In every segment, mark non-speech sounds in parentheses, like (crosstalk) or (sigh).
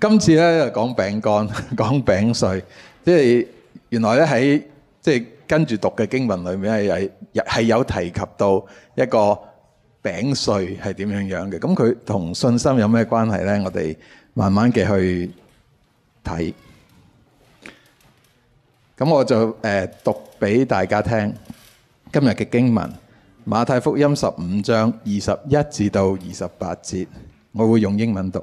今次咧，又講餅乾、講餅碎，即係原來咧喺，即係跟住讀嘅經文裏面係係係有提及到一個餅碎係點樣樣嘅。咁佢同信心有咩關係咧？我哋慢慢嘅去睇。咁我就誒讀俾大家聽今日嘅經文《馬太福音》十五章二十一至到二十八節，我會用英文讀。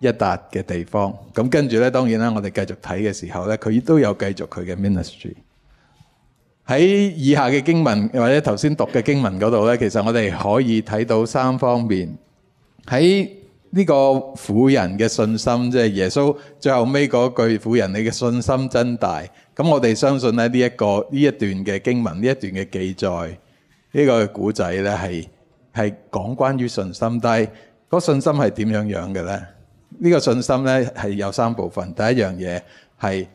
一笪嘅地方咁，跟住咧，當然啦，我哋繼續睇嘅時候咧，佢都有繼續佢嘅 ministry 喺以下嘅經文，或者頭先讀嘅經文嗰度咧，其實我哋可以睇到三方面喺呢個婦人嘅信心，即係耶穌最後尾嗰句：婦人，你嘅信心真大。咁我哋相信咧，呢一個呢一段嘅經文，呢一段嘅記載呢個古仔咧，係係講關於信心，但係個信心係點樣樣嘅咧？呢個信心咧係有三部分。第一樣嘢係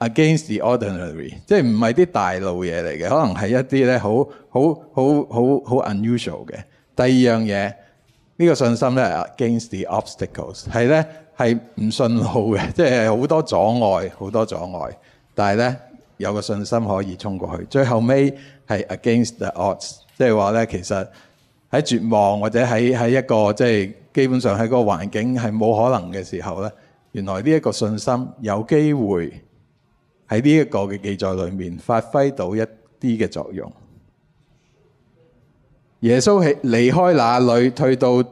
against the ordinary，即係唔係啲大路嘢嚟嘅，可能係一啲咧好好好好好 unusual 嘅。第二樣嘢呢個信心咧係 against the obstacles，係咧係唔信路嘅，即係好多阻礙，好多阻礙，但係咧有個信心可以衝過去。最後尾係 against the odds，即係話咧其實喺絕望或者喺喺一個即係，就是基本上喺嗰個環境係冇可能嘅時候咧，原來呢一個信心有機會喺呢一個嘅記載裏面發揮到一啲嘅作用。耶穌喺離開那裏，退到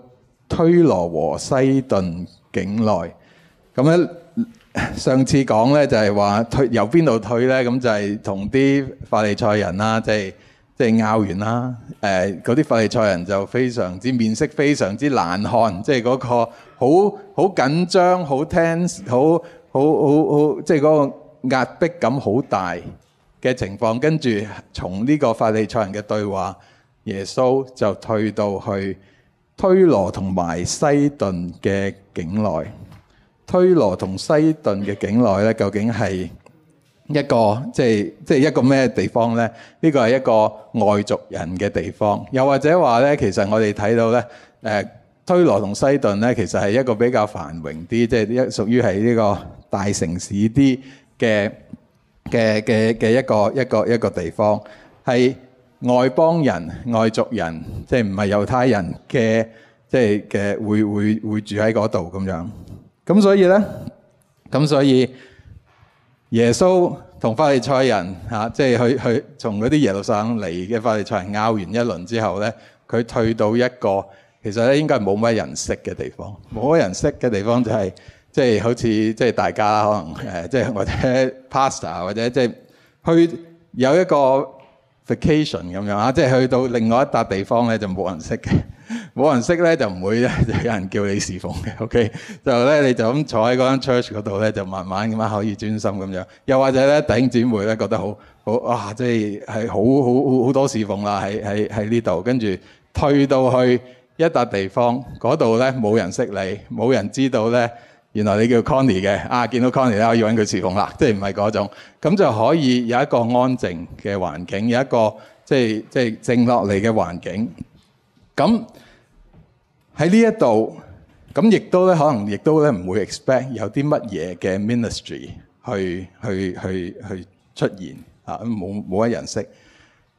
推羅和西頓境內。咁咧上次講咧就係話退由邊度退咧？咁就係同啲法利賽人啦，即係。即係拗完啦，誒嗰啲法利賽人就非常之面色非常之難看，即係嗰個好好緊張、好 tense、好好好好，即係嗰個壓迫感好大嘅情況。跟住從呢個法利賽人嘅對話，耶穌就退到去推羅同埋西頓嘅境內。推羅同西頓嘅境內咧，究竟係？一個即係即係一個咩地方咧？呢個係一個外族人嘅地方，又或者話咧，其實我哋睇到咧，誒推羅同西頓咧，其實係一個比較繁榮啲，即係一屬於係呢個大城市啲嘅嘅嘅嘅一個一個一個地方，係外邦人、外族人，即係唔係猶太人嘅，即係嘅會會會住喺嗰度咁樣。咁所以咧，咁所以。耶穌同法利賽人、啊、即係去去從嗰啲耶路撒冷嚟嘅法利賽人拗完一輪之後咧，佢退到一個其實咧應該係冇乜人識嘅地方，冇乜人識嘅地方就係、是、即係好似即係大家可能、啊、即係或者 pasta 或者即係去有一個 vacation 咁樣啊，即係去到另外一笪地方咧就冇人識嘅。冇人識咧，就唔會咧，就有人叫你侍奉嘅。O.K. 就咧，你就咁坐喺嗰間 church 嗰度咧，就慢慢咁樣可以專心咁樣。又或者咧，弟兄姊妹咧覺得好好啊，即係好好好多侍奉啦，喺喺喺呢度。跟住退到去一笪地方嗰度咧，冇人識你，冇人知道咧，原來你叫 Conny 嘅。啊，見到 Conny 啦，我要揾佢侍奉啦。即係唔係嗰種咁就可以有一個安靜嘅環境，有一個即係即係靜落嚟嘅環境。咁喺呢一度，咁亦都咧，可能亦都咧，唔會 expect 有啲乜嘢嘅 ministry 去去去去出現啊！冇冇乜人識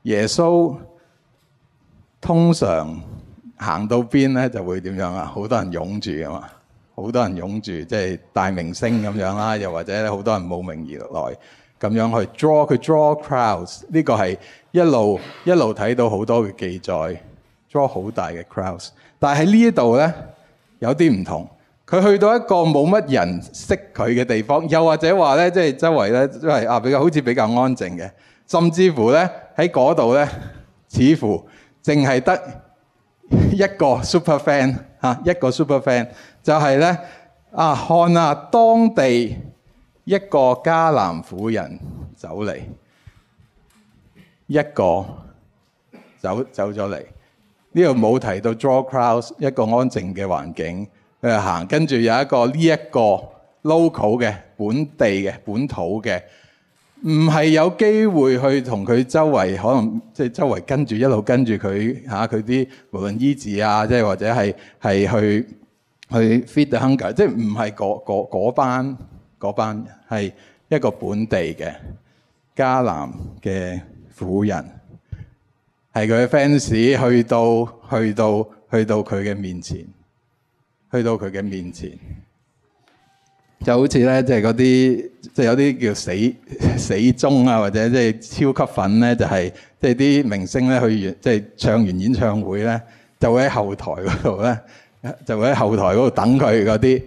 耶穌。通常行到邊咧，就會點樣啊？好多人擁住啊嘛，好多人擁住，即係大明星咁樣啦，又或者好多人慕名而來，咁樣去 draw 佢 draw crowds。呢個係一路一路睇到好多嘅記載。draw 好大嘅 crowds，但係喺呢一度呢，有啲唔同，佢去到一個冇乜人識佢嘅地方，又或者話呢，即係周圍呢，都係啊比較好似比較安靜嘅，甚至乎呢，喺嗰度呢，似乎淨係得一個 super fan 嚇，一個 super fan 就係呢，啊看啊當地一個迦南婦人走嚟，一個走走咗嚟，呢度冇提到 draw crowds 一個安靜嘅環境，誒，行跟住有一個呢一個 local 嘅本地嘅本土嘅，唔係有機會去同佢周圍可能即係周圍跟住一路跟住佢吓，佢啲無論醫治啊，即係或者係係去去 feed the hunger，即係唔係嗰嗰嗰班嗰班係一個本地嘅迦南嘅婦人。係佢嘅 fans 去到去到去到佢嘅面前，去到佢嘅面前，就好似咧，即係嗰啲即係有啲叫死死忠啊，或者即係超級粉咧，就係即係啲明星咧去完即係、就是、唱完演唱會咧，就會喺後台嗰度咧，就會喺後台嗰度等佢嗰啲。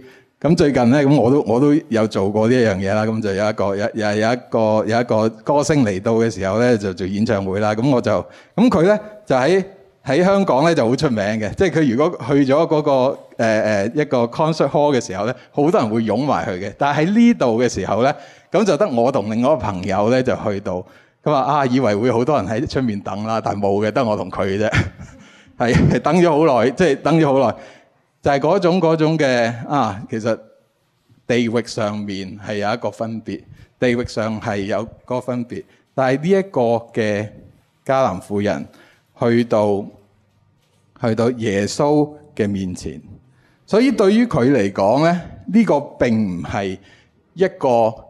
咁最近咧，咁我都我都有做過呢一樣嘢啦。咁就有一個，有又係有一個，有一個歌星嚟到嘅時候咧，就做演唱會啦。咁我就，咁佢咧就喺喺香港咧就好出名嘅。即係佢如果去咗嗰個誒、誒、一個 concert hall 嘅時候咧，好多人會擁埋去嘅。但係喺呢度嘅時候咧，咁就得我同另外一個朋友咧就去到。佢話啊，以為會好多人喺出面等啦，但係冇嘅，得我同佢啫。係等咗好耐，即係等咗好耐。就係、是、嗰種嗰種嘅啊，其實地域上面係有一個分別，地域上係有個分別。但係呢一個嘅迦南婦人去到去到耶穌嘅面前，所以對於佢嚟講咧，呢、這個並唔係一個誒、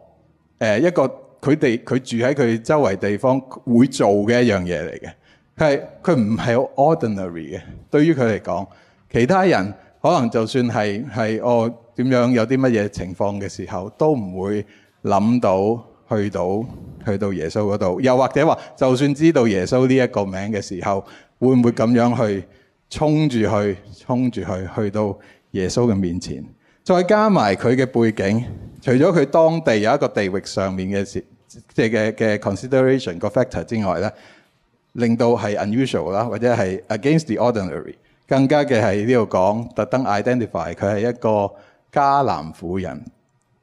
呃、一個佢哋佢住喺佢周圍地方會做嘅一樣嘢嚟嘅。係佢唔係好 ordinary 嘅。對於佢嚟講，其他人。可能就算係係哦點樣有啲乜嘢情況嘅時候，都唔會諗到去到去到耶穌嗰度。又或者話就算知道耶穌呢一個名嘅時候，會唔會咁樣去衝住去衝住去去到耶穌嘅面前？再加埋佢嘅背景，除咗佢當地有一個地域上面嘅事，即係嘅嘅 consideration 個 factor 之外咧，令到係 unusual 啦，或者係 against the ordinary。更加嘅係呢度講，特登 identify 佢係一個迦南婦人。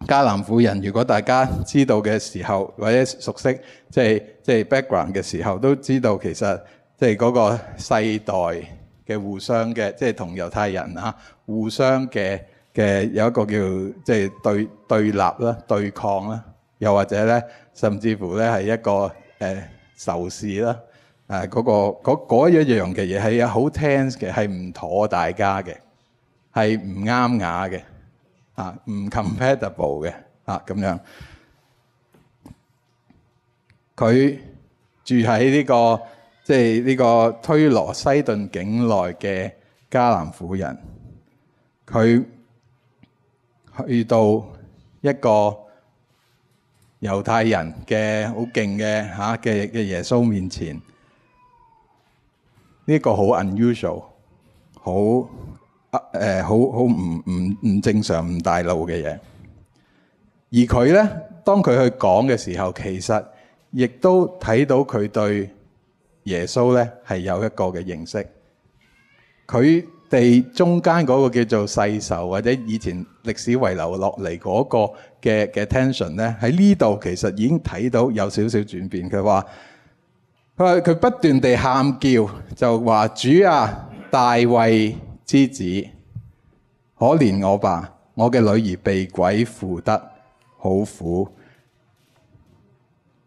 迦南婦人，如果大家知道嘅時候，或者熟悉即係即係 background 嘅時候，都知道其實即係嗰個世代嘅互相嘅，即係同猶太人、啊、互相嘅嘅有一個叫即係、就是、對對立啦、對抗啦，又或者咧，甚至乎咧係一個誒、呃、仇視啦。誒、啊、嗰、那個嗰一樣嘅嘢係好 tense 嘅，係唔妥大家嘅，係唔啱雅嘅，嚇、啊、唔 compatible 嘅，嚇、啊、咁樣。佢住喺呢、這個即係呢個推羅西頓境內嘅迦南婦人，佢去到一個猶太人嘅好勁嘅嚇嘅嘅耶穌面前。呢、呢個好 unusual，好啊好好唔唔唔正常唔大路嘅嘢。而佢咧，當佢去講嘅時候，其實亦都睇到佢對耶穌咧係有一個嘅認識。佢哋中間嗰個叫做世仇，或者以前歷史遺留落嚟嗰個嘅嘅 tension 咧，喺呢度其實已經睇到有少少轉變。佢話。佢佢不斷地喊叫，就話：主啊，大衛之子，可憐我吧！我嘅女兒被鬼附得好苦，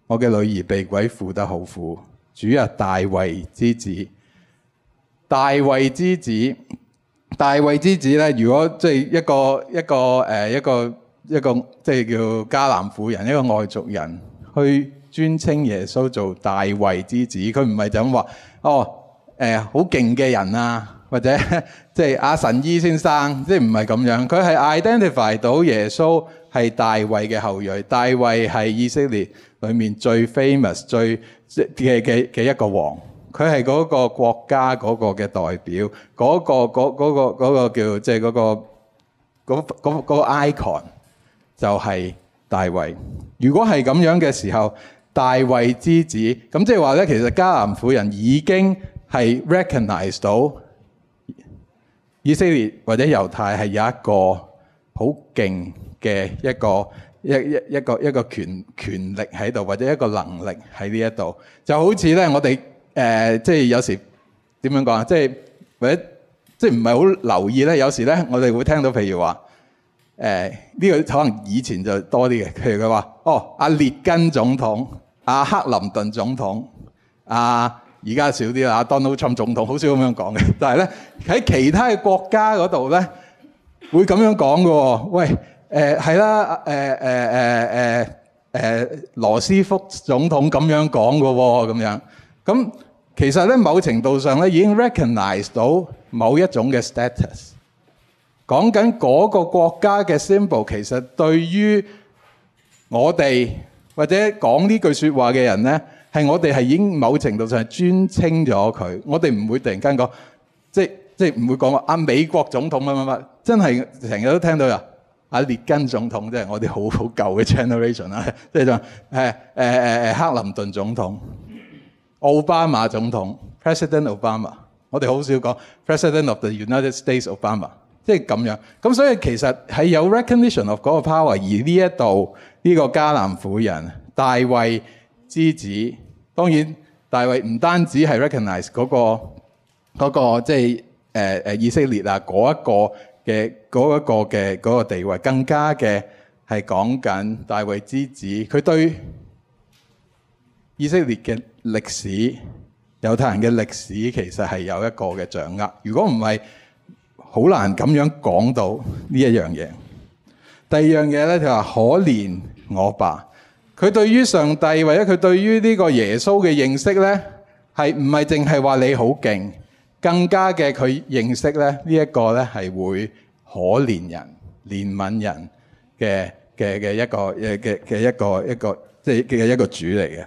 我嘅女兒被鬼附得好苦。主啊，大衛之子，大衛之子，大衛之子咧。如果即係一個一個、呃、一個一個即係、就是、叫迦南婦人一個外族人去。尊稱耶穌做大衛之子，佢唔係就咁話哦，誒好勁嘅人啊，或者呵呵即係阿神醫先生，即係唔係咁樣？佢係 identify 到耶穌係大衛嘅後裔，大衛係以色列裡面最 famous 最嘅嘅嘅一個王，佢係嗰個國家嗰個嘅代表，嗰、嗰個嗰、嗰個嗰個嗰個、叫即係嗰、嗰個嗰個 icon 就係大衛。如果係咁樣嘅時候，大衛之子，咁即係話咧，其實迦南婦人已經係 recognise 到以色列或者猶太係有一個好勁嘅一個一一一個一個,一個權權力喺度，或者一個能力喺呢一度，就好似咧我哋誒、呃、即係有時點樣講啊？即係或者即係唔係好留意咧，有時咧我哋會聽到譬如話誒呢個可能以前就多啲嘅，譬如佢話哦阿列根總統。阿克林頓總統，阿而家少啲啦，阿 Donald Trump 總統好少咁樣講嘅，但係咧喺其他嘅國家嗰度咧，會咁樣講嘅。喂，誒係啦，誒誒誒誒誒羅斯福總統咁樣講嘅喎，咁樣咁其實咧某程度上咧已經 recognise 到某一種嘅 status，講緊嗰個國家嘅 symbol 其實對於我哋。或者講呢句說話嘅人咧，係我哋係已經某程度上係尊稱咗佢。我哋唔會突然間講，即係即係唔會講話啊美國總統乜乜乜，真係成日都聽到呀。啊列根總統，即係我哋好好舊嘅 generation 啦、啊，即係就係誒誒克林頓總統、奧巴馬總統、President Obama，我哋好少講 President of the United States Obama，即係咁樣。咁所以其實係有 recognition of 嗰個 power，而呢一度。呢個迦南婦人，大衛之子，當然大衛唔單止係 recognize 嗰個即係誒誒以色列啊嗰一個嘅一個嘅嗰個地位，更加嘅係講緊大衛之子，佢對以色列嘅歷史、猶太人嘅歷史其實係有一個嘅掌握。如果唔係，好難咁樣講到呢一樣嘢。第二樣嘢咧，就話可憐。我爸佢對於上帝或者佢對於呢個耶穌嘅認識咧，係唔係淨係話你好勁？更加嘅佢認識咧呢、這個、一個咧係會可憐人憐憫人嘅嘅嘅一個嘅嘅嘅一個一個即係嘅一個主嚟嘅。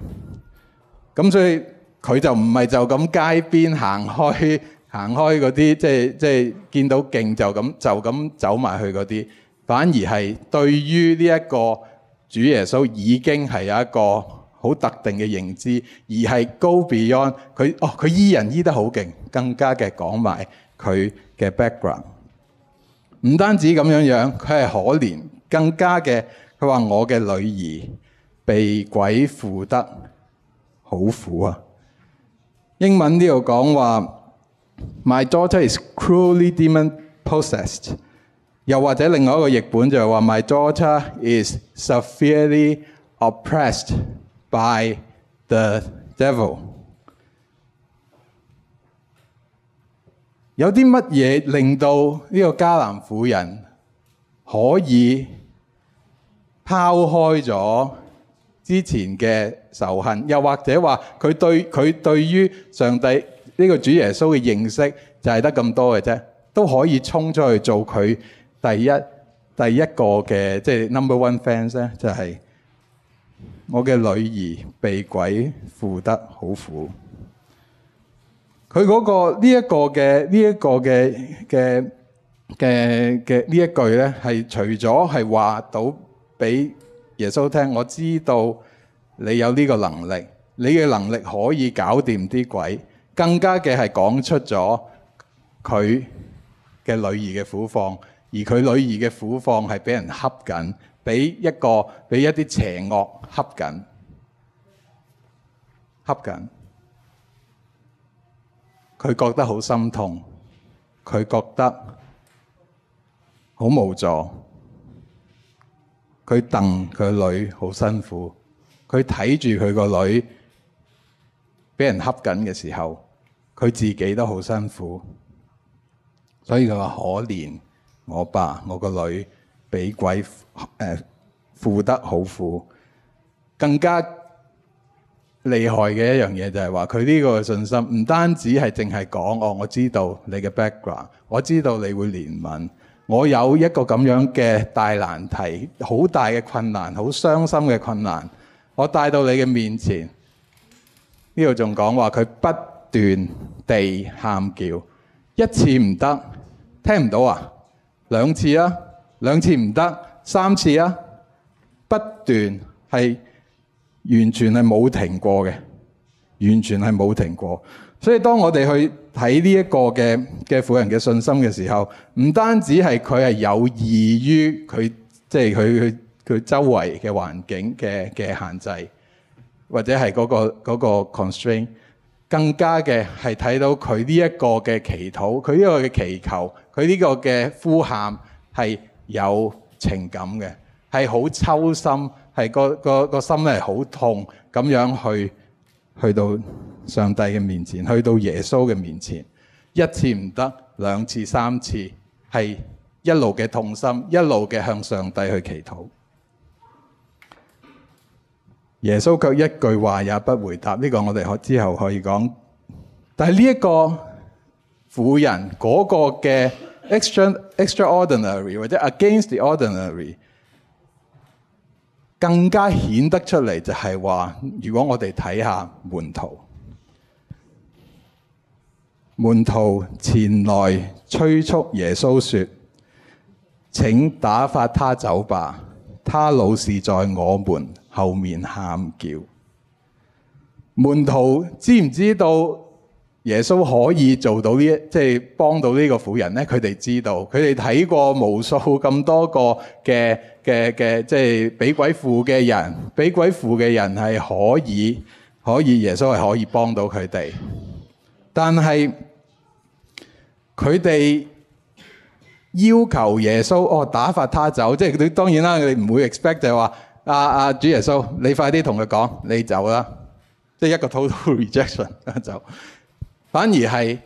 咁所以佢就唔係就咁街邊行開行開嗰啲，即係即係見到勁就咁就咁走埋去嗰啲，反而係對於呢一個。主耶穌已經係有一個好特定嘅認知，而係 Go Beyond 佢。哦，佢醫人醫得好勁，更加嘅講埋佢嘅 background。唔單止咁樣樣，佢係可憐，更加嘅佢話我嘅女兒被鬼附得好苦啊！英文呢度講話 My daughter is cruelly demon possessed。又或者另外一個譯本就係話：「My daughter is severely oppressed by the devil。」有啲乜嘢令到呢個迦南婦人可以拋開咗之前嘅仇恨？又或者話，佢對，佢對於上帝呢個主耶穌嘅認識就係得咁多嘅啫，都可以衝出去做佢。第一，第一個嘅即係 number one fans 咧，就係我嘅女兒被鬼附得好苦。佢嗰個呢一個嘅呢一個嘅嘅嘅嘅呢一句咧，係除咗係話到俾耶穌聽，我知道你有呢個能力，你嘅能力可以搞掂啲鬼，更加嘅係講出咗佢嘅女兒嘅苦況。而佢女兒嘅苦況係俾人恰緊，俾一個俾一啲邪惡恰緊恰緊。佢覺得好心痛，佢覺得好無助。佢戥佢女好辛苦，佢睇住佢個女俾人恰緊嘅時候，佢自己都好辛苦，所以佢話可憐。我爸我個女俾鬼誒、呃、富得好苦，更加厲害嘅一樣嘢就係話佢呢個信心唔單止係淨係講哦，我知道你嘅 background，我知道你會憐憫。我有一個咁樣嘅大難題，好大嘅困難，好傷心嘅困難，我帶到你嘅面前。呢度仲講話佢不斷地喊叫，一次唔得，聽唔到啊！兩次啊，兩次唔得，三次啊，不斷係完全係冇停過嘅，完全係冇停過。所以當我哋去睇呢一個嘅嘅婦人嘅信心嘅時候，唔單止係佢係有意於佢，即係佢佢佢周圍嘅環境嘅嘅限制，或者係嗰個嗰個 constraint。更加嘅係睇到佢呢一個嘅祈禱，佢呢個嘅祈求，佢呢個嘅呼喊係有情感嘅，係好抽心，係個個個心係係好痛咁樣去去到上帝嘅面前，去到耶穌嘅面前，一次唔得，兩次、三次係一路嘅痛心，一路嘅向上帝去祈禱。耶穌卻一句話也不回答，呢、這個我哋之後可以講。但係呢一個婦人嗰個嘅 extra, extraordinary 或者 against the ordinary，更加顯得出嚟就係話，如果我哋睇下門徒，門徒前來催促耶穌說：請打發他走吧，他老是在我們後面喊叫，門徒知唔知道耶穌可以做到，就是，幫到呢？即係幫到呢個婦人咧？佢哋知道，佢哋睇過無數咁多個嘅嘅嘅，即係俾鬼附嘅人，俾鬼附嘅人係可以，可以耶穌係可以幫到佢哋。但係佢哋要求耶穌哦，打發他走，即係佢當然啦，佢哋唔會 expect 就係話。啊啊！主耶穌，你快啲同佢講，你走啦！即係一個 total rejection，走反而係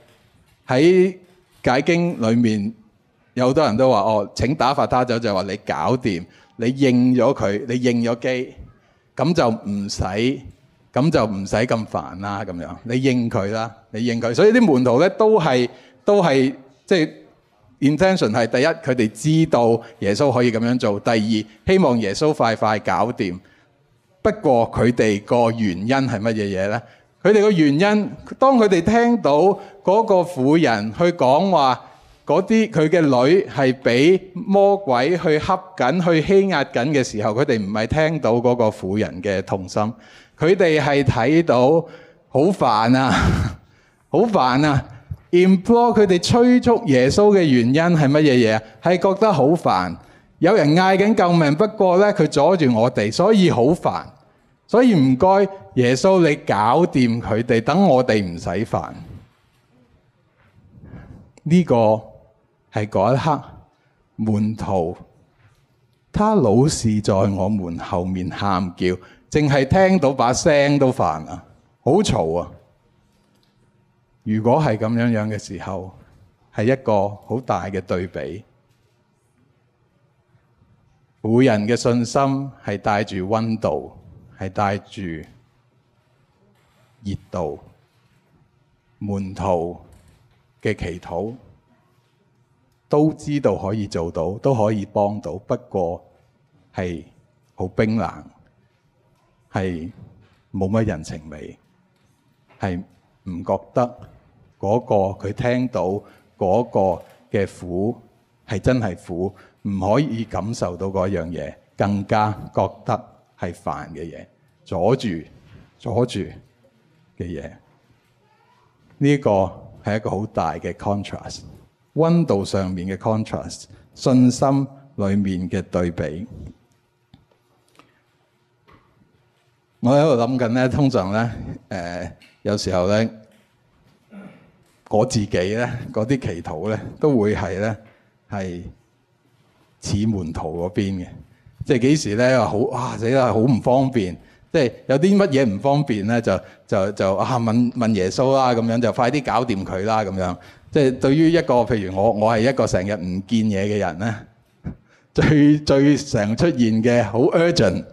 喺解經裡面有好多人都話：哦，請打發他走，就係話你搞掂，你應咗佢，你應咗機，咁就唔使，咁就唔使咁煩啦。咁樣你應佢啦，你應佢。所以啲門徒咧都係都係即係。Intention 係第一，佢哋知道耶穌可以咁樣做；第二，希望耶穌快快搞掂。不過佢哋個原因係乜嘢嘢呢？佢哋個原因，當佢哋聽到嗰個婦人去講話嗰啲佢嘅女係俾魔鬼去恰緊、去欺壓緊嘅時候，佢哋唔係聽到嗰個婦人嘅痛心，佢哋係睇到好煩啊，好煩啊！懇求佢哋催促耶穌嘅原因係乜嘢嘢啊？係覺得好煩，有人嗌緊救命，不過咧佢阻住我哋，所以好煩，所以唔該耶穌，你搞掂佢哋，等我哋唔使煩。呢個係嗰一刻，門徒他老是在我們後面喊叫，淨係聽到把聲都煩啊，好嘈啊！如果係咁樣樣嘅時候，係一個好大嘅對比。古人嘅信心係帶住温度，係帶住熱度，門徒嘅祈禱都知道可以做到，都可以幫到，不過係好冰冷，係冇乜人情味，係唔覺得。嗰個佢聽到嗰個嘅苦係真係苦，唔可以感受到嗰樣嘢，更加覺得係煩嘅嘢，阻住阻住嘅嘢。呢個係一個好大嘅 contrast，温度上面嘅 contrast，信心裡面嘅對比。我喺度諗緊咧，通常咧，誒有時候咧。我自己咧，嗰啲祈禱咧，都會係咧，係似門徒嗰邊嘅。即係幾時咧好啊死啦，好唔方便。即係有啲乜嘢唔方便咧，就就就啊問問耶穌啦，咁樣就快啲搞掂佢啦，咁樣。即係對於一個譬如我，我係一個成日唔見嘢嘅人咧，最最常出現嘅好 urgent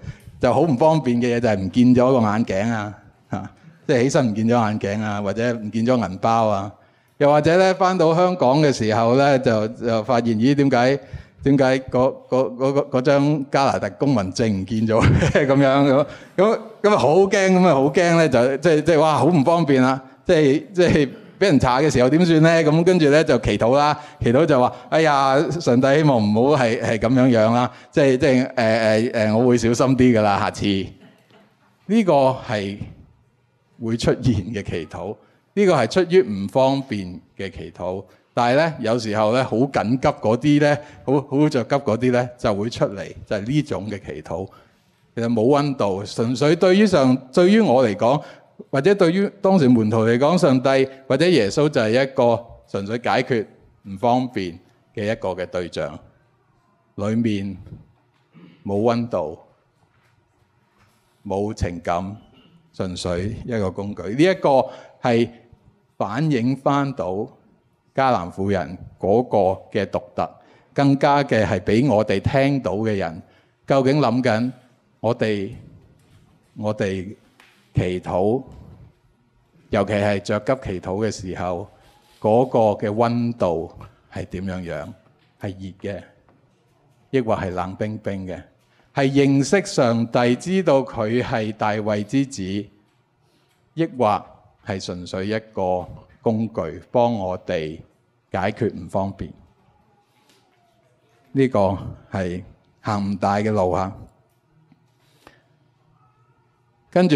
就好唔方便嘅嘢就係唔見咗個眼鏡啊，嚇！即係起身唔見咗眼鏡啊，或者唔見咗銀包啊。又或者咧，翻到香港嘅時候咧，就就發現咦？點解點解嗰嗰張加拿大公民證唔見咗咁 (laughs) 樣咁咁咁啊？好驚咁啊！好驚咧，就即即、即係、哇！好唔方便啊！即即俾人查嘅時候點算咧？咁跟住咧就祈禱啦，祈禱就話：哎呀，上帝希望唔好係係咁樣樣啦！即即誒、呃呃、我會小心啲噶啦，下次呢、呢個係會出現嘅祈禱。呢個係出於唔方便嘅祈禱，但係咧有時候咧好緊急嗰啲咧，好好著急嗰啲咧就會出嚟，就係呢種嘅祈禱。其實冇温度，純粹對於上對於我嚟講，或者對於當時門徒嚟講，上帝或者耶穌就係一個純粹解決唔方便嘅一個嘅對象，裡面冇温度，冇情感，純粹一個工具。呢一個。係反映翻到迦南婦人嗰個嘅獨特，更加嘅係俾我哋聽到嘅人，究竟諗緊我哋我哋祈禱，尤其係着急祈禱嘅時候，嗰個嘅温度係點樣樣？係熱嘅，抑或係冷冰冰嘅？係認識上帝，知道佢係大衞之子，抑或？係純粹一個工具，幫我哋解決唔方便。呢、這個係行唔大嘅路行。跟住，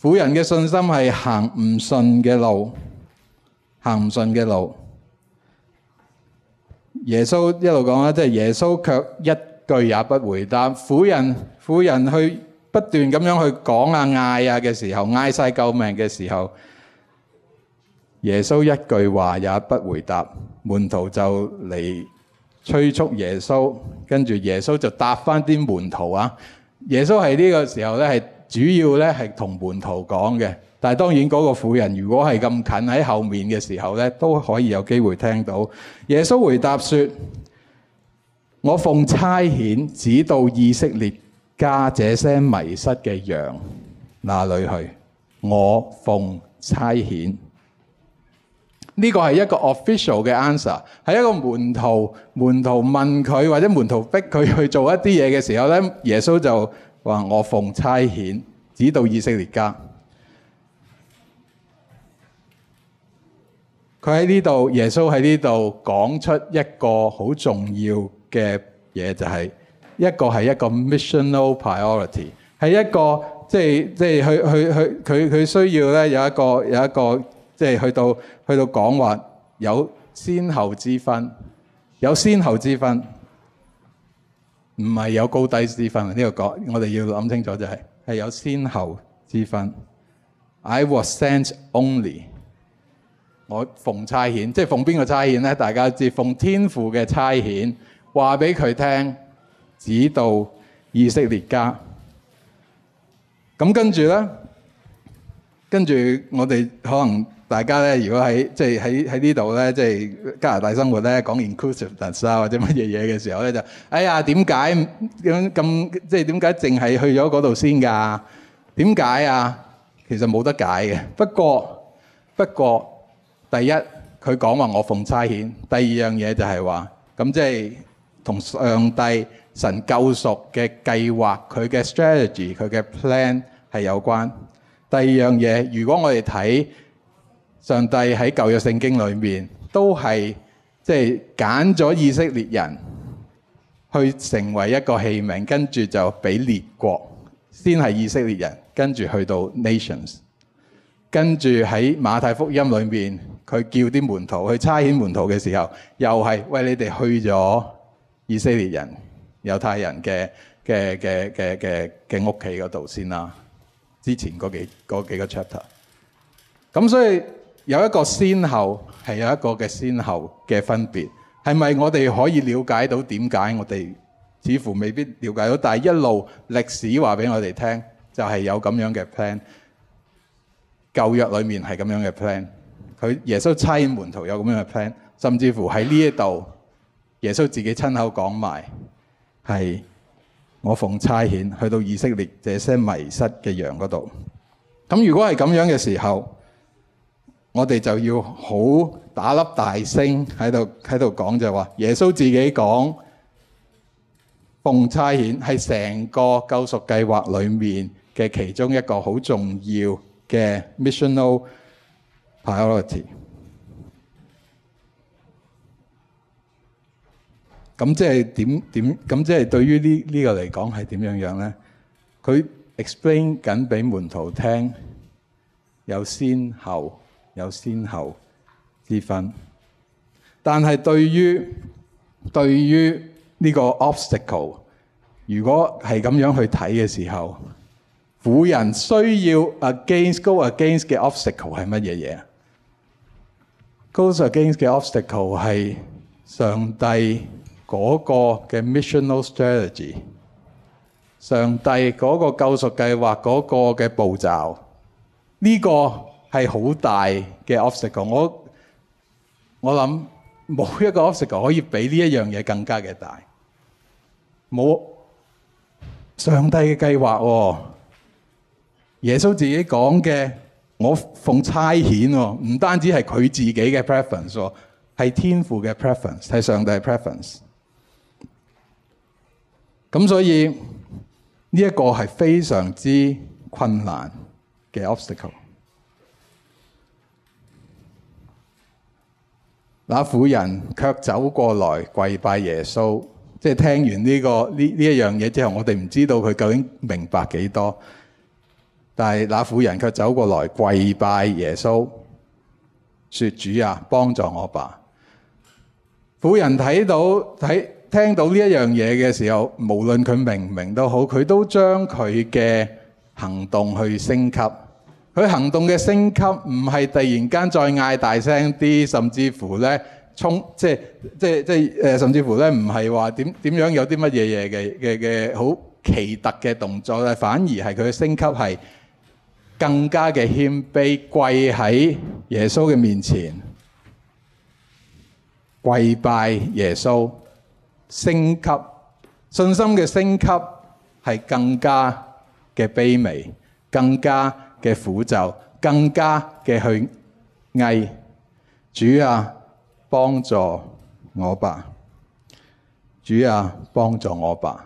婦人嘅信心係行唔順嘅路，行唔順嘅路。耶穌一路講啦，即係耶穌卻一句也不回答。婦人，婦人去。不斷咁樣去講啊、嗌啊嘅時候，嗌晒救命嘅時候，耶穌一句話也不回答，門徒就嚟催促耶穌，跟住耶穌就答返啲門徒啊。耶穌喺呢個時候咧，係主要咧係同門徒講嘅，但係當然嗰個婦人如果係咁近喺後面嘅時候咧，都可以有機會聽到耶穌回答說：我奉差遣只到以色列。加這些迷失嘅羊，哪裡去？我奉差遣。呢個係一個 official 嘅 answer。係一個門徒，門徒問佢或者門徒逼佢去做一啲嘢嘅時候咧，耶穌就話：我奉差遣指導以色列家。佢喺呢度，耶穌喺呢度講出一個好重要嘅嘢，就係。一個係一個 missional priority，係一個即係即係去去去佢佢需要咧有一個有一個即係、就是、去到去到講話有先後之分，有先後之分，唔係有高低之分。呢、這個講我哋要諗清楚就係、是、係有先後之分。I was sent only，我奉差遣，即係奉邊個差遣咧？大家知奉天父嘅差遣，話俾佢聽。指導以色列家，咁跟住咧，跟住我哋可能大家咧，如果喺即係喺喺呢度咧，即係加拿大生活咧，講 inclusive dance 啊或者乜嘢嘢嘅時候咧，就哎呀點解咁咁即係點解淨係去咗嗰度先㗎？點解啊？其實冇得解嘅。不過不過，第一佢講話我奉差遣，第二樣嘢就係話咁即係同上帝。神救贖嘅計劃，佢嘅 strategy，佢嘅 plan 係有關。第二樣嘢，如果我哋睇上帝喺舊約聖經裏面，都係即係揀咗以色列人去成為一個器皿，跟住就俾列國先係以色列人，跟住去到 nations。跟住喺馬太福音裏面，佢叫啲門徒去差遣門徒嘅時候，又係喂你哋去咗以色列人。猶太人嘅嘅嘅嘅嘅嘅屋企嗰度先啦、啊。之前嗰幾嗰幾個 chapter，咁所以有一個先後係有一個嘅先後嘅分別，係咪我哋可以了解到點解我哋似乎未必了解到？但係一路歷史話俾我哋聽，就係有咁樣嘅 plan。舊約裡面係咁樣嘅 plan，佢耶穌差遣門徒有咁樣嘅 plan，甚至乎喺呢一度，耶穌自己親口講埋。係我奉差遣去到以色列這些迷失嘅羊嗰度。咁如果係咁樣嘅時候，我哋就要好打粒大聲喺度喺度講就係話，耶穌自己講奉差遣係成個救贖計劃裏面嘅其中一個好重要嘅 missional priority。咁即係點點？咁即係對於呢呢個嚟講係點樣樣咧？佢 explain 緊俾門徒聽，有先後，有先後之分。但係對於對於呢個 obstacle，如果係咁樣去睇嘅時候，婦人需要 against go against 嘅 obstacle 係乜嘢嘢？go against 嘅 obstacle 係上帝。嗰個嘅 missional strategy，上帝嗰個救贖計劃嗰個嘅步驟，呢個係好大嘅 obstacle。我我諗冇一個 obstacle 可以比呢一樣嘢更加嘅大。冇上帝嘅計劃喎，耶穌自己講嘅，我奉差遣喎，唔單止係佢自己嘅 preference 喎，係天父嘅 preference，係上帝嘅 preference。咁所以呢一、這個係非常之困難嘅 obstacle。那婦人卻走過來跪拜耶穌，即係聽完呢、這個呢呢一樣嘢之後，我哋唔知道佢究竟明白幾多。但係那婦人卻走過來跪拜耶穌，說：主啊，幫助我吧。婦人睇到睇。聽到呢一樣嘢嘅時候，無論佢明唔明都好，佢都將佢嘅行動去升級。佢行動嘅升級唔係突然間再嗌大聲啲，甚至乎咧衝，即係即係即係誒，甚至乎咧唔係話點點樣有啲乜嘢嘢嘅嘅嘅好奇特嘅動作啦，反而係佢嘅升級係更加嘅謙卑，跪喺耶穌嘅面前，跪拜耶穌。升級信心嘅升級係更加嘅卑微，更加嘅苦咒，更加嘅去嗌，主啊幫助我吧！主啊幫助我吧！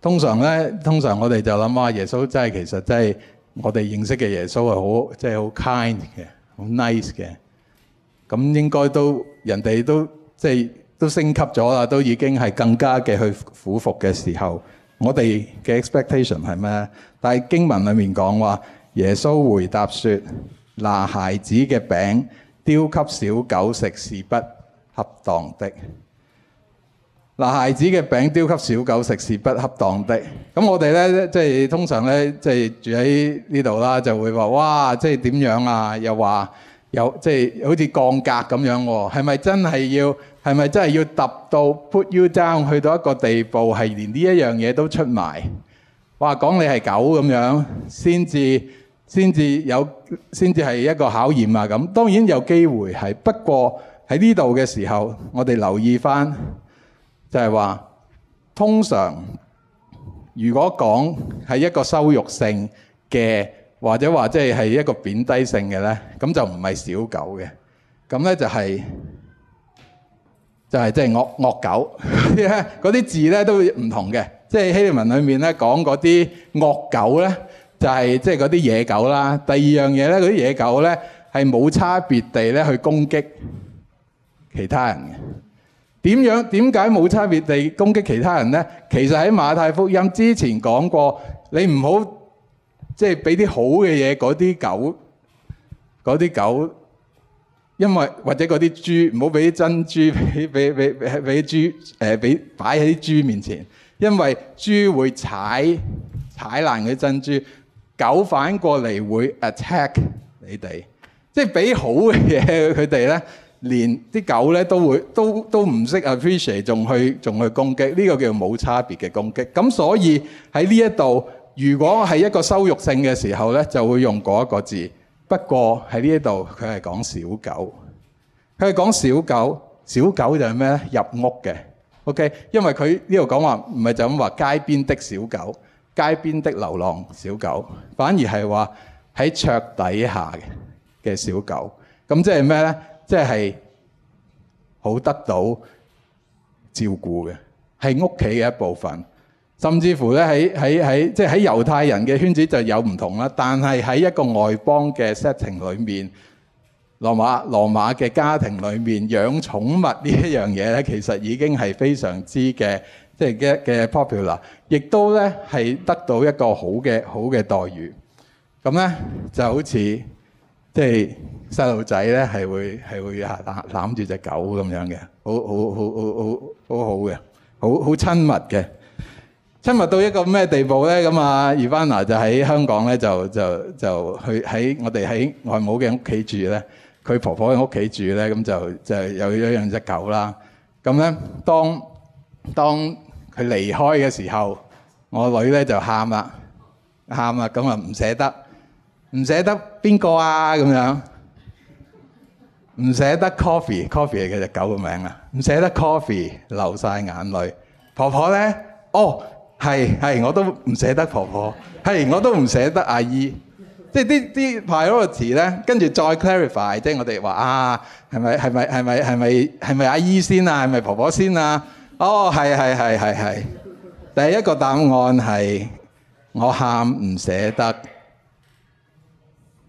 通常咧，通常我哋就諗話耶穌真係其實真係我哋認識嘅耶穌係好即係好 kind 嘅，好 nice 嘅，咁應該都。人哋都即係都升級咗啦，都已經係更加嘅去苦服嘅時候，我哋嘅 expectation 係咩？但係經文裏面講話，耶穌回答說，嗱，孩子嘅餅丟給小狗食是不恰當的。嗱，孩子嘅餅丟給小狗食是不恰當的。咁我哋咧即係通常咧即係住喺呢度啦，就會話：「哇，即係點樣啊？」又話。有即係好似降格咁樣喎，係咪真係要？係咪真係要揼到 put you down 去到一個地步，係連呢一樣嘢都出埋？話講你係狗咁樣，先至先至有，先至係一個考驗啊！咁當然有機會係，不過喺呢度嘅時候，我哋留意翻，就係話通常如果講係一個羞辱性嘅。或者話即係係一個貶低性嘅咧，咁就唔係小狗嘅，咁咧就係就係即係惡惡狗嗰啲咧，嗰啲字咧都唔同嘅。即係希臘文裏面咧講嗰啲惡狗咧，就係即係嗰啲野狗啦。第二樣嘢咧，嗰啲野狗咧係冇差別地咧去攻擊其他人嘅。點樣點解冇差別地攻擊其他人咧？其實喺馬太福音之前講過，你唔好。即係俾啲好嘅嘢，嗰啲狗、嗰啲狗，因為或者嗰啲豬，唔好俾珍珠俾俾俾俾俾豬誒，俾擺喺豬面前，因為豬會踩踩爛嗰啲珍珠，狗反過嚟會 attack 你哋。即係俾好嘅嘢，佢哋咧連啲狗咧都會都都唔識 appreciate，仲去仲去攻擊，呢個叫冇差別嘅攻擊。咁所以喺呢一度。如果係一個羞辱性嘅時候咧，就會用嗰一個字。不過喺呢一度，佢係講小狗，佢係講小狗。小狗就係咩咧？入屋嘅，OK。因為佢呢度講話唔係就咁話街邊的小狗，街邊的流浪小狗，反而係話喺桌底下嘅嘅小狗。咁即係咩咧？即係好得到照顧嘅，係屋企嘅一部分。甚至乎咧，喺喺喺即係喺猶太人嘅圈子就有唔同啦。但係喺一個外邦嘅 setting 裏面，羅馬羅馬嘅家庭裏面養寵物呢一樣嘢咧，其實已經係非常之嘅即係嘅嘅 popular，亦都咧係得到一個好嘅好嘅待遇。咁咧就好似即係細路仔咧係會係會攬攬住隻狗咁樣嘅，好好好好好好好嘅，好好親密嘅。親密到一個咩地步咧？咁啊，葉班娜就喺香港咧，就就就去喺我哋喺外母嘅屋企住咧。佢婆婆嘅屋企住咧，咁就就有養養隻狗啦。咁咧，當當佢離開嘅時候，我女咧就喊啦，喊啦，咁啊唔捨得，唔捨得邊個啊？咁樣唔捨得 Coffee，Coffee 係佢隻狗嘅名啊，唔捨得 Coffee 流曬眼淚。婆婆咧，哦～係係，我都唔捨得婆婆，係我都唔捨得阿姨，即係啲 priority 咧，跟住再 clarify，即係我哋話啊，係咪係咪係咪係咪係咪阿姨先啊，係咪婆婆先啊？哦，係係係係係，第一個答案係我喊唔捨得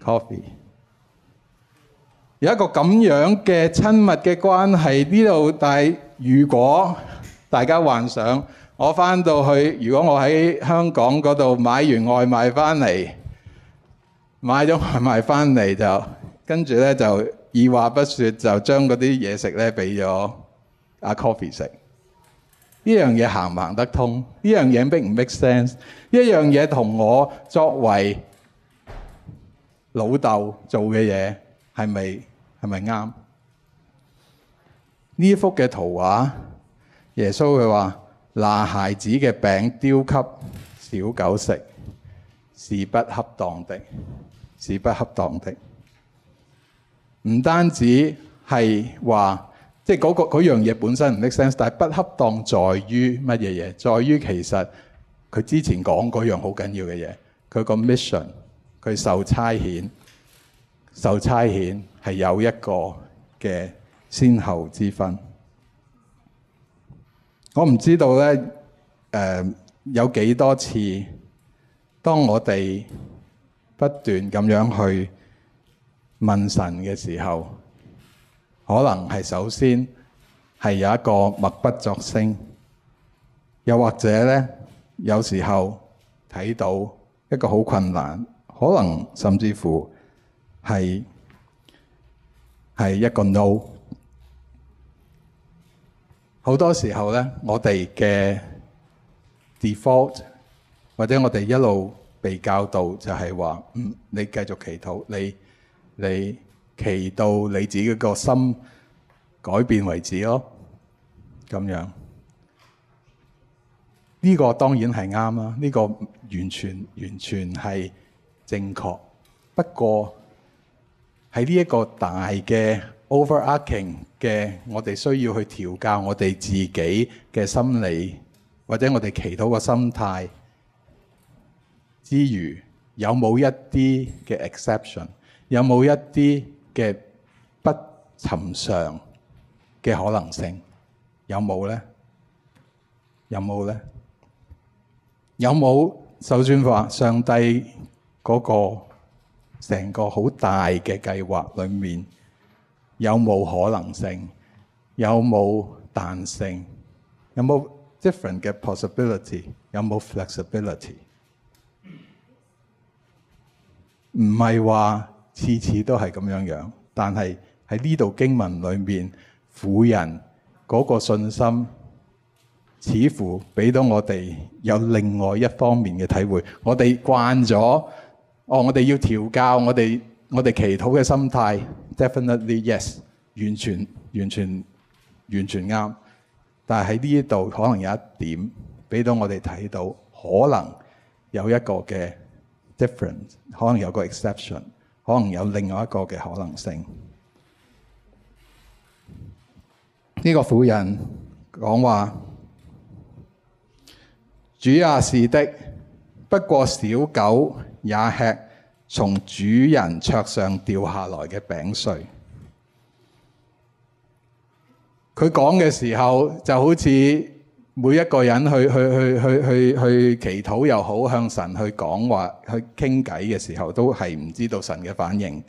coffee。有一個咁樣嘅親密嘅關係，呢度但係如果大家幻想。我返到去，如果我喺香港嗰度買完外賣返嚟，買咗外賣返嚟就跟住咧就二話不說就將嗰啲嘢食咧俾咗阿 coffee 食。呢樣嘢行唔行得通？呢樣嘢 make 唔 make sense？呢樣嘢同我作為老豆做嘅嘢係咪係咪啱？呢一幅嘅圖畫，耶穌佢話。拿孩子嘅餅丟給小狗食，是不恰當的，是不恰當的。唔單止係話，即係嗰個嗰樣嘢本身唔 make sense，但係不恰當在於乜嘢嘢？在於其實佢之前講過嗰樣好緊要嘅嘢，佢個 mission，佢受差遣，受差遣係有一個嘅先後之分。我唔知道咧，誒、呃、有幾多次，當我哋不斷咁樣去問神嘅時候，可能係首先係有一個默不作聲，又或者咧，有時候睇到一個好困難，可能甚至乎係係一個 o、no, 好多時候咧，我哋嘅 default 或者我哋一路被教導就係話：嗯，你繼續祈禱，你你祈到你自己個心改變為止咯。咁樣呢個當然係啱啦，呢個完全完全係正確。不過喺呢一個大嘅 Overarching 嘅，我哋需要去調教我哋自己嘅心理，或者我哋祈禱嘅心態之餘，有冇一啲嘅 exception？有冇一啲嘅不尋常嘅可能性？有冇呢？有冇呢？有冇？就算話上帝嗰個成個好大嘅計劃裏面。有冇可能性？有冇彈性？有冇 different 嘅 possibility？有冇 flexibility？唔係話次次都係咁樣樣，但係喺呢度經文裏面，婦人嗰個信心似乎俾到我哋有另外一方面嘅體會。我哋慣咗，哦，我哋要調教我哋我哋祈禱嘅心態。Definitely yes，完全完全完全啱。但係喺呢度可能有一點俾到我哋睇到，可能有一個嘅 difference，可能有個 exception，可能有另外一個嘅可能性。呢、呢個婦人講話，主啊，是的，不過小狗也吃從主人桌上掉下來嘅餅碎。佢講嘅時候就好似每一個人去去去去去去去祈禱又好向神去講話,去傾偈嘅時候都係唔知道神嘅反應。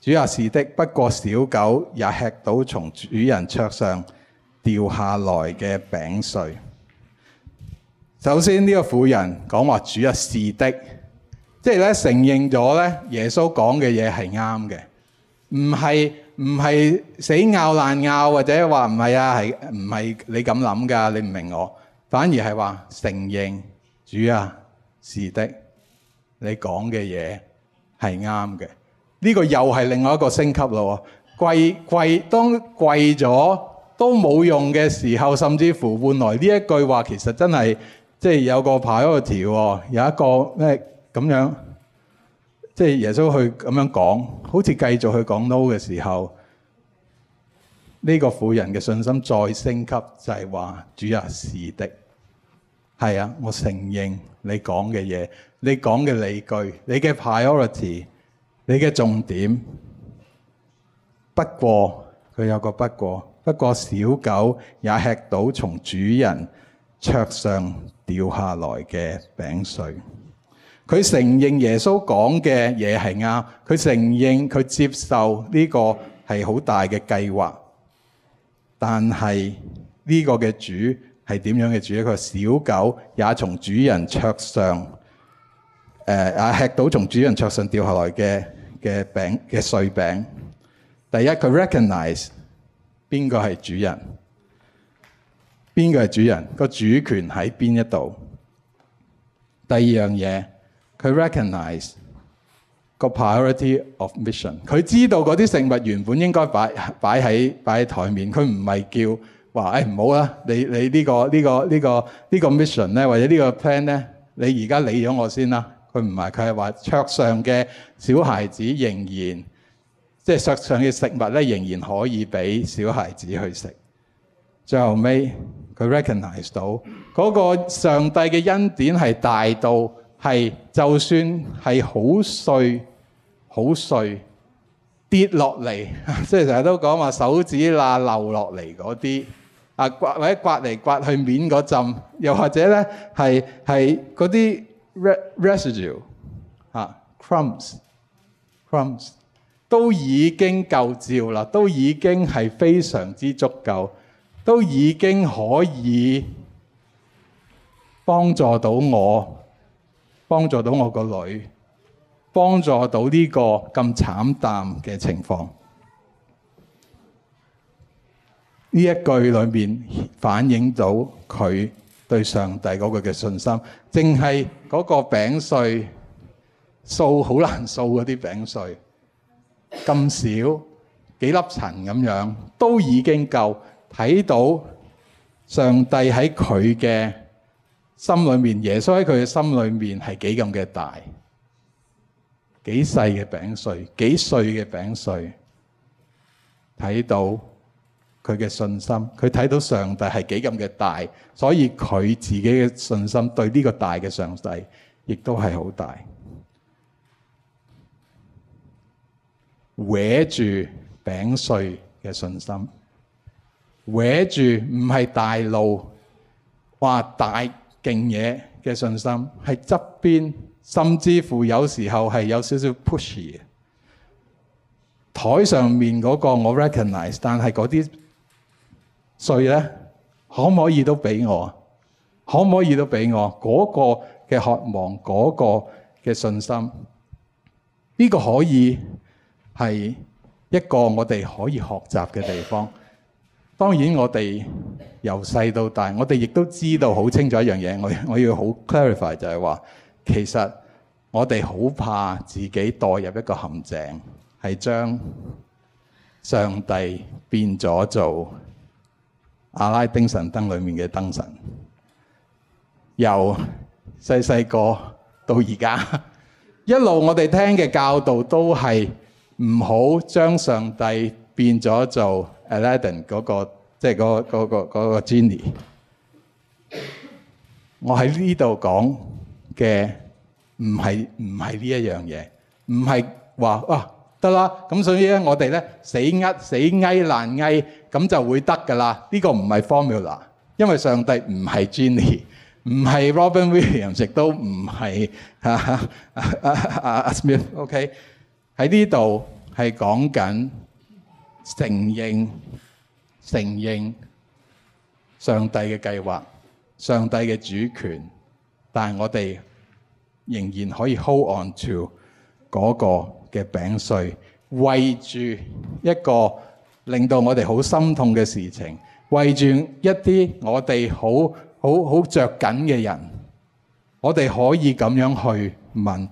主啊，是的，不過小狗也吃到從主人桌上掉下來嘅餅碎。首先呢、呢個婦人講話，主啊，是的，即係咧承認咗咧耶穌講嘅嘢係啱嘅，唔係唔係，死拗爛拗或者話唔係啊，係唔係你咁諗㗎？你唔明我，反而係話承認主啊是的，你講嘅嘢係啱嘅。呢個又係另外一個升級咯喎，貴貴當貴咗都冇用嘅時候，甚至乎換來呢一句話，其實真係即係有個 priority，有一個咩咁樣，即係耶穌去咁樣講，好似繼續去講 no 嘅時候，呢個婦人嘅信心再升級，就係話主啊，是的，係啊，我承認你講嘅嘢，你講嘅理據，你嘅 priority。你嘅重點，不過佢有個不過，不過小狗也吃到從主人桌上掉下來嘅餅碎。佢承認耶穌講嘅嘢係啱，佢承認佢接受呢個係好大嘅計劃，但係呢個嘅主係點樣嘅主？一個小狗也從主人桌上，誒、呃、也吃到從主人桌上掉下來嘅嘅餅嘅碎餅，第一佢 recognize 邊個係主人，邊個係主人，個主權喺邊一度。第二樣嘢佢 recognize 個 priority of mission，佢知道嗰啲食物原本應該擺擺喺擺喺台面，佢唔係叫話誒唔好啦，你你、呢個呢個呢個呢個、呢個呢個呢個呢個 mission 咧，或者呢個 plan 咧，你而家理咗我先啦。佢唔係，佢係話桌上嘅小孩子仍然，即係桌上嘅食物咧仍然可以俾小孩子去食。最後尾佢 recognize 到嗰個上帝嘅恩典係大到係就算係好碎、好碎跌落嚟，即係成日都講話手指罅漏落嚟嗰啲啊，刮或者刮嚟刮去面嗰陣，又或者咧係係嗰啲。Re, residue、ah, crumbs crumbs 都已經夠照啦，都已經係非常之足夠，都已經可以幫助到我，幫助到我個女，幫助到呢個咁慘淡嘅情況。呢一句裏面反映到佢。對上帝嗰個嘅信心，淨係嗰個餅碎，掃，好難掃嗰啲餅碎，咁少，幾粒塵咁樣，都已經夠，睇到上帝喺佢嘅心裏面，耶穌喺佢嘅心裏面，係幾咁嘅大，幾細嘅餅碎，幾碎嘅餅碎，睇到，佢嘅信心，佢睇到上帝係幾咁嘅大，所以佢自己嘅信心對呢個大嘅上帝，亦都係好大。歪住餅碎嘅信心，歪住唔係大路，話大勁嘢嘅信心，係側邊，甚至乎有時候係有少少 pushy 嘅。台上面嗰個我 recognize，但係嗰啲。所以咧，可唔可以都俾我？可唔可以都俾我嗰個嘅渴望，嗰個嘅信心？呢個可以係一個我哋可以學習嘅地方。當然，我哋由細到大，我哋亦都知道好清楚一樣嘢。我我要好 clarify 就係話，其實我哋好怕自己墮入一個陷阱，係將上帝變咗做。阿拉丁神燈裏面嘅燈神。由細細個到而家，一路我哋聽嘅教導都係唔好將上帝變咗做阿拉丁嗰個，即係嗰嗰個嗰個 Genie。我喺呢度講嘅唔係唔係呢一樣嘢，唔係話哇得啦，咁所以咧我哋咧死扼死翳難翳咁就會得㗎啦！呢、這個唔係 formula，因為上帝唔係 Jenny，唔係 Robin Williams，亦都唔係阿 Smith okay？OK，喺呢度係講緊承認、承認上帝嘅計劃、上帝嘅主權，但係我哋仍然可以 hold on to 嗰個嘅餅碎，為住一個。令到我哋好心痛嘅事情，為住一啲我哋好好好著緊嘅人，我哋可以咁樣去問，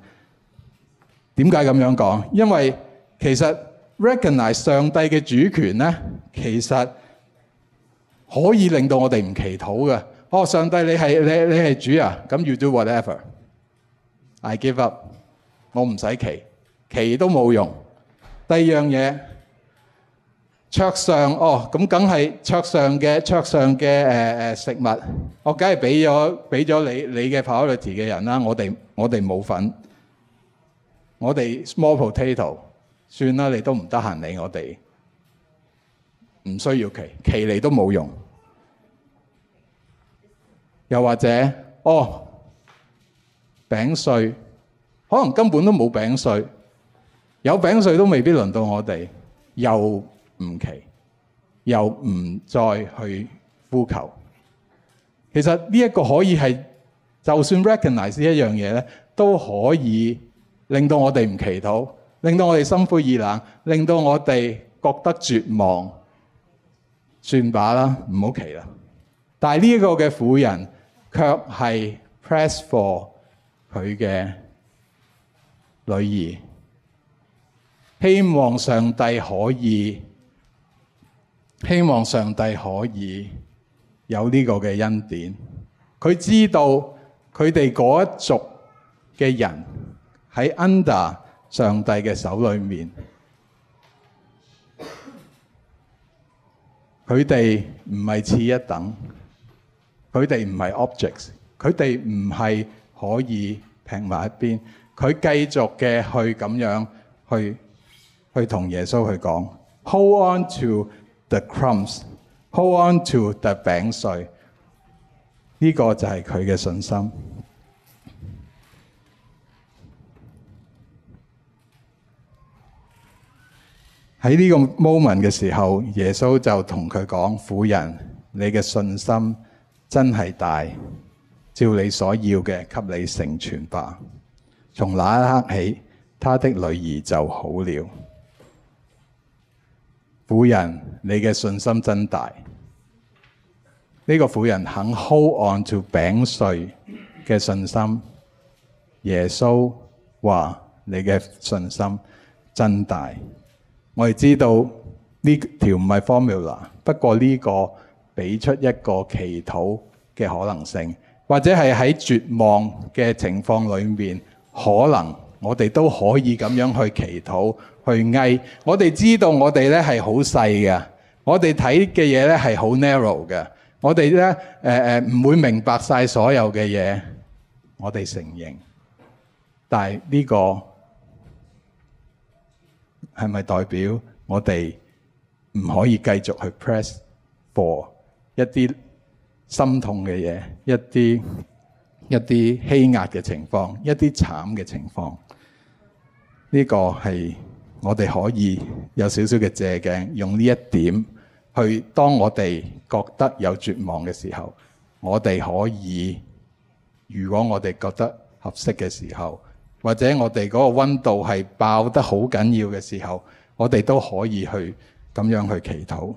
點解咁樣講？因為其實 recognize 上帝嘅主權咧，其實可以令到我哋唔祈禱嘅。哦，上帝你係你你係主啊，咁 you do whatever，I give up，我唔使祈，祈都冇用。第二樣嘢。桌上，哦，咁梗係桌上嘅，桌上嘅誒誒，食物，我梗係，俾咗，俾咗你，你嘅 priority 嘅人啦，我哋我哋冇份，我哋 small potato，算啦，你都唔得閒理我哋，唔需要其，其嚟都冇用，又或者，哦，餅碎，可能根本都冇餅碎，有餅碎都未必輪到我哋又，唔祈，又唔再去呼求。其實呢一個可以係，就算 recognize 一樣嘢咧，都可以令到我哋唔祈禱，令到我哋心灰意冷，令到我哋覺得絕望，算把啦，唔好祈啦。但係呢一個嘅婦人卻係 press for 佢嘅女兒，希望上帝可以。希望上帝可以有呢個嘅恩典。佢知道佢哋嗰一族嘅人喺 under 上帝嘅手裏面，佢哋唔係次一等，佢哋唔係 objects，佢哋唔係可以擺埋一邊。佢繼續嘅去咁樣去去同耶穌去講，hold on to。The crumbs hold on to the 餅碎，呢個就係佢嘅信心。喺呢個 moment 嘅時候，耶穌就同佢講：婦人，你嘅信心真係大，照你所要嘅，給你成全吧。從那一刻起，他的女兒就好了。婦人，你嘅信心真大。呢、這個婦人肯 hold on to 餅碎嘅信心，耶穌話你嘅信心真大。我哋知道呢條唔係 formula，不過呢個俾出一個祈禱嘅可能性，或者係喺絕望嘅情況裏面，可能我哋都可以咁樣去祈禱。去翳，我哋知道我哋咧係好細嘅，我哋睇嘅嘢咧係好 narrow 嘅，我哋咧誒誒唔會明白晒所有嘅嘢，我哋承認，但係呢個係咪代表我哋唔可以繼續去 press for 一啲心痛嘅嘢，一啲一啲欺壓嘅情況，一啲慘嘅情況，呢個係。我哋可以有少少嘅借鏡，用呢一點去。當我哋覺得有絕望嘅時候，我哋可以，如果我哋覺得合適嘅時候，或者我哋嗰個温度係爆得好緊要嘅時候，我哋都可以去咁樣去祈禱。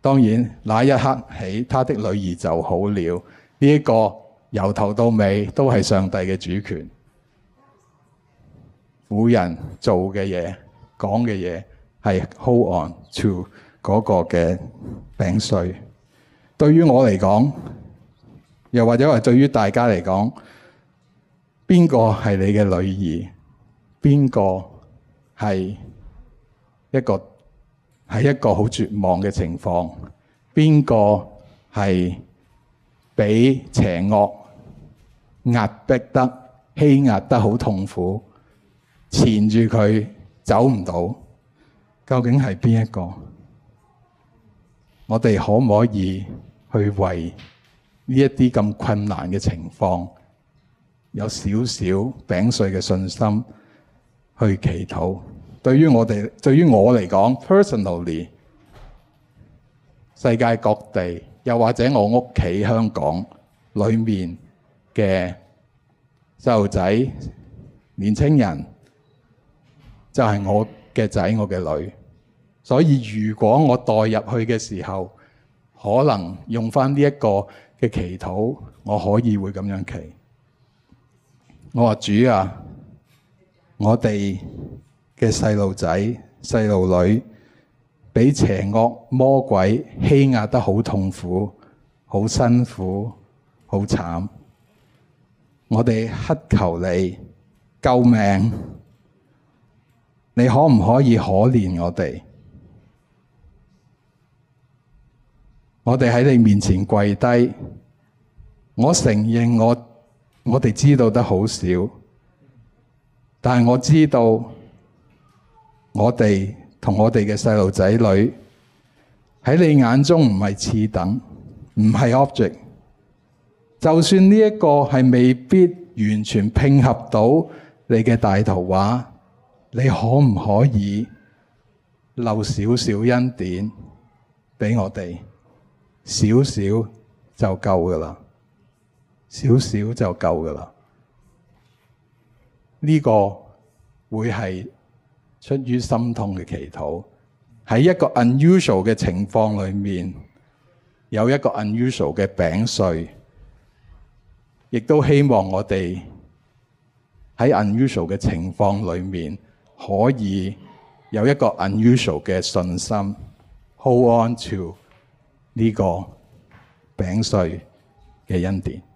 當然，那一刻起，他的女兒就好了。呢一個由頭到尾都係上帝嘅主權。每人做嘅嘢、講嘅嘢係 hold on to 嗰個嘅餅碎。對於我嚟講，又或者話對於大家嚟講，邊個係你嘅女兒？邊個係一個係一個好絕望嘅情況？邊個係俾邪惡壓迫得欺壓得好痛苦？纏住佢走唔到，究竟係邊一個？我哋可唔可以去為呢一啲咁困難嘅情況有少少餅碎嘅信心去祈禱？對於我哋，對於我嚟講，personally，世界各地，又或者我屋企香港裏面嘅細路仔、年青人。就係我嘅仔，我嘅女。所以如果我代入去嘅時候，可能用翻呢一個嘅祈禱，我可以會咁樣祈。我話主啊，我哋嘅細路仔、細路女俾邪惡魔鬼欺壓得好痛苦、好辛苦、好慘。我哋乞求你救命。你可唔可以可憐我哋？我哋喺你面前跪低。我承認我我哋知道得好少，但係我知道我哋同我哋嘅細路仔女喺你眼中唔係次等，唔係 object。就算呢一個係未必完全拼合到你嘅大圖畫。你可唔可以留少少恩典俾我哋？少少就夠噶啦，少少就夠噶啦。呢個會係出於心痛嘅祈禱，喺一個 unusual 嘅情況裏面，有一個 unusual 嘅餅碎，亦都希望我哋喺 unusual 嘅情況裏面，可以有一個 unusual 嘅信心，hold on to 呢個餅碎嘅恩典。